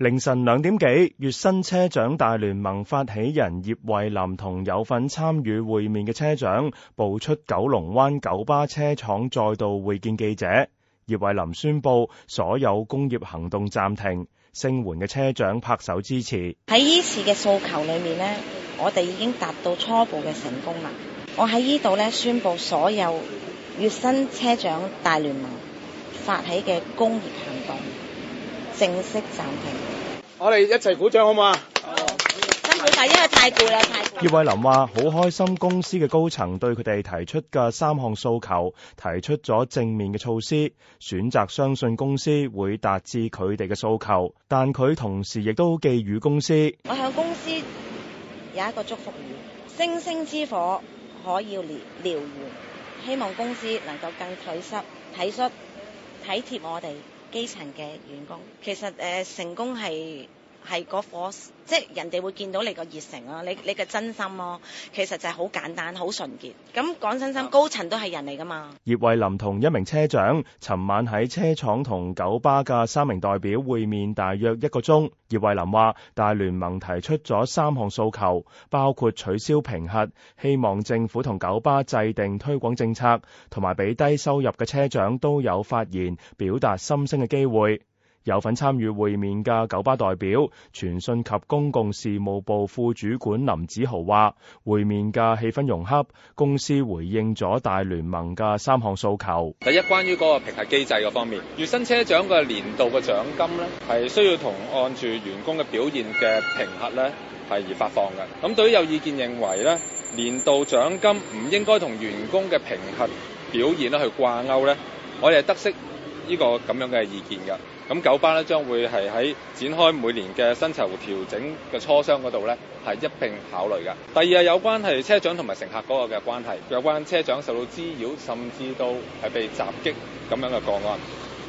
凌晨兩點幾，月薪車長大聯盟發起人葉蔚琳同有份參與會面嘅車長，步出九龍灣九巴車廠，再度會見記者。葉蔚琳宣佈所有工業行動暫停，聲援嘅車長拍手支持。喺呢次嘅訴求裏面呢，我哋已經達到初步嘅成功啦。我喺呢度呢，宣佈所有月薪車長大聯盟發起嘅工業行動，正式暫停，我哋一齊鼓掌好嗎？好辛苦曬，因為太攰啦，太攰。葉蔚琳話：好開心，公司嘅高層對佢哋提出嘅三項訴求，提出咗正面嘅措施，選擇相信公司會達至佢哋嘅訴求。但佢同時亦都寄語公司，我向公司有一個祝福語：星星之火可以燎燎原，希望公司能夠更體恤、體恤、體貼我哋。基層嘅員工，其實唉成功係係嗰顆，即人哋會見到你個熱誠啊，你你嘅真心咯，其實就係好簡單，好純潔。咁講真心，高層都係人嚟噶嘛。葉蔚琳同一名車長，尋晚喺車廠同九巴嘅三名代表會面大約一個鐘。葉蔚琳話：大聯盟提出咗三項訴求，包括取消評核，希望政府同九巴制定推廣政策，同埋俾低收入嘅車長都有發言表達心聲嘅機會。有份參與會面嘅九巴代表、傳訊及公共事務部副主管林子豪話，會面嘅氣氛融洽，公司回應咗大聯盟嘅三項訴求。第一，關於嗰個評核機制嘅方面，月薪車長嘅年度嘅獎金呢，係需要同按住員工嘅表現嘅評核呢，係而發放嘅。咁對於有意見認為呢年度獎金唔應該同員工嘅評核表現去掛鈎呢，我哋係得悉呢個咁樣嘅意見嘅。咁九巴咧將會係喺展開每年嘅薪酬調整嘅磋商嗰度咧，係一並考慮㗎。第二係有關係車長同埋乘客嗰個嘅關係，有關車長受到滋擾，甚至到係被襲擊咁樣嘅個案，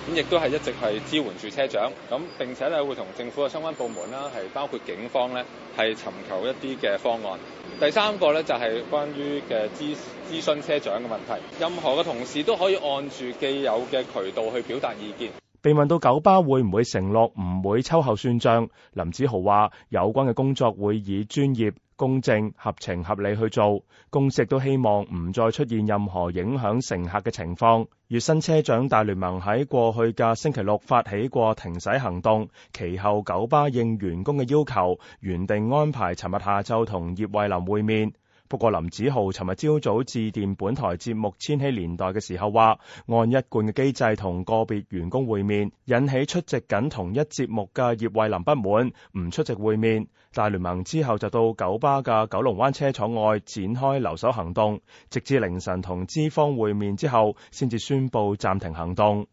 咁亦都係一直係支援住車長，咁並且咧會同政府嘅相關部門啦，係包括警方咧，係尋求一啲嘅方案。第三個咧就係、是、關於嘅諮諮詢車長嘅問題，任何嘅同事都可以按住既有嘅渠道去表達意見。被問到九巴會唔會承諾唔會秋後算賬，林子豪話：有關嘅工作會以專業、公正、合情合理去做。公司亦都希望唔再出現任何影響乘客嘅情況。月薪車長大聯盟喺過去嘅星期六發起過停駛行動，其後九巴應員工嘅要求，原定安排尋日下晝同葉蔚琳會面。不過林子豪尋日朝早致電本台節目《千禧年代》嘅時候話，按一貫嘅機制同個別員工會面，引起出席緊同一節目嘅葉蔚琳不滿，唔出席會面。大聯盟之後就到九巴嘅九龍灣車廠外展開留守行動，直至凌晨同資方會面之後，先至宣布暫停行動。